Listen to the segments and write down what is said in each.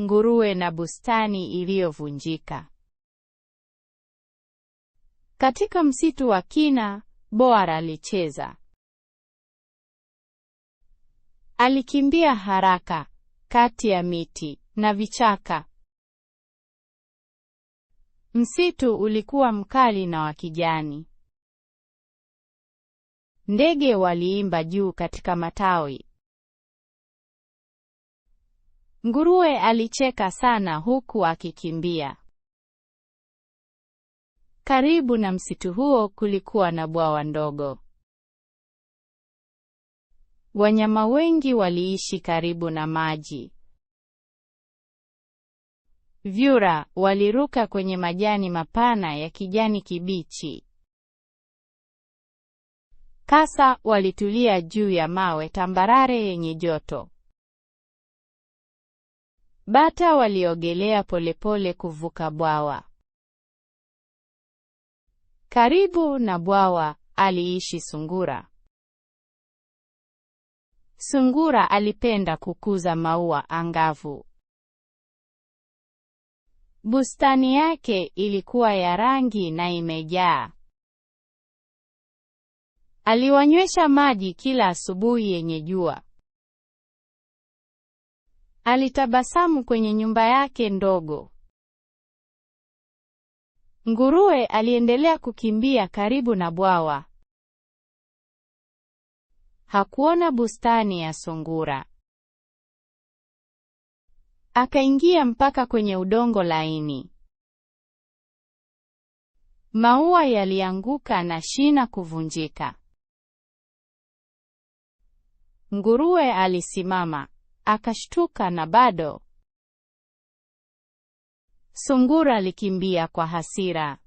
nguruwe na bustani iliyovunjika. Katika msitu wa kina, Boar alicheza. Alikimbia haraka kati ya miti na vichaka. Msitu ulikuwa mkali na wa kijani. Ndege waliimba juu katika matawi. Nguruwe alicheka sana huku akikimbia. Karibu na msitu huo kulikuwa na bwawa ndogo. Wanyama wengi waliishi karibu na maji. Vyura waliruka kwenye majani mapana ya kijani kibichi. Kasa walitulia juu ya mawe tambarare yenye joto. Bata waliogelea polepole kuvuka bwawa. Karibu na bwawa aliishi sungura. Sungura alipenda kukuza maua angavu. Bustani yake ilikuwa ya rangi na imejaa. Aliwanywesha maji kila asubuhi yenye jua. Alitabasamu kwenye nyumba yake ndogo. Nguruwe aliendelea kukimbia karibu na bwawa. Hakuona bustani ya sungura. Akaingia mpaka kwenye udongo laini. Maua yalianguka na shina kuvunjika. Nguruwe alisimama akashtuka na bado. Sungura alikimbia kwa hasira.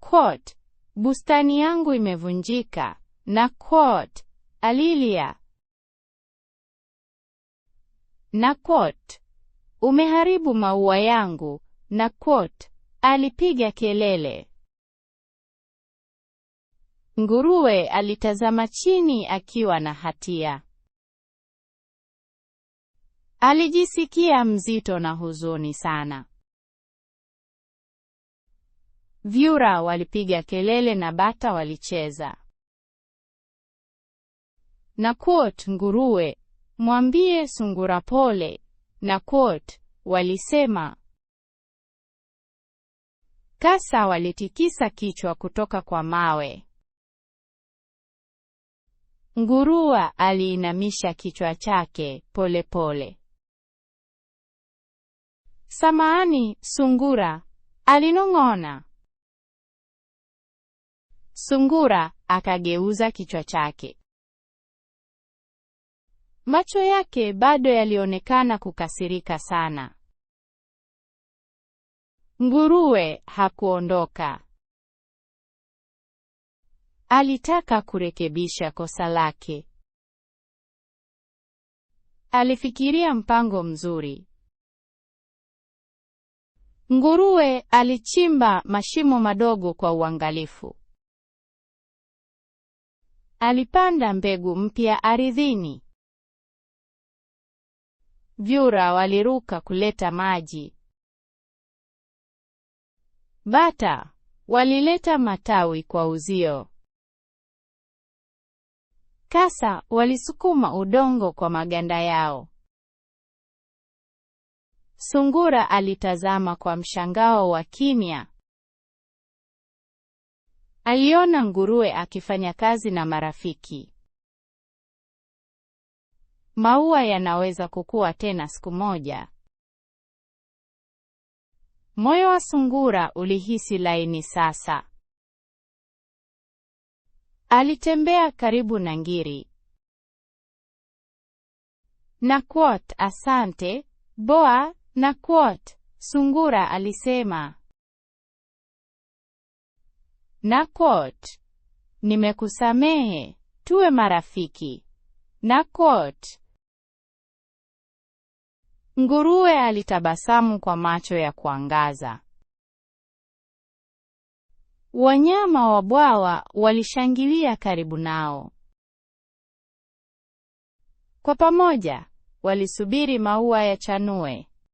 quote, bustani yangu imevunjika. quote, alilia. quote, umeharibu maua yangu. quote, alipiga kelele. Nguruwe alitazama chini akiwa na hatia. Alijisikia mzito na huzuni sana. Vyura walipiga kelele na bata walicheza. Na quote, nguruwe mwambie sungura pole, na quote, walisema. Kasa walitikisa kichwa kutoka kwa mawe. ngurua aliinamisha kichwa chake polepole pole samaani sungura, alinong'ona. Sungura akageuza kichwa chake. Macho yake bado yalionekana kukasirika sana. Nguruwe hakuondoka. Alitaka kurekebisha kosa lake. Alifikiria mpango mzuri. Nguruwe alichimba mashimo madogo kwa uangalifu. Alipanda mbegu mpya ardhini. Vyura waliruka kuleta maji. Bata walileta matawi kwa uzio. Kasa walisukuma udongo kwa maganda yao. Sungura alitazama kwa mshangao wa kimya. Aliona nguruwe akifanya kazi na marafiki. Maua yanaweza kukua tena siku moja. Moyo wa sungura ulihisi laini sasa. Alitembea karibu na ngiri. quote, asante, boa na quote, Sungura alisema na quote, nimekusamehe, tuwe marafiki na quote. Nguruwe alitabasamu kwa macho ya kuangaza. Wanyama wa bwawa walishangilia karibu nao. Kwa pamoja, walisubiri maua ya chanue.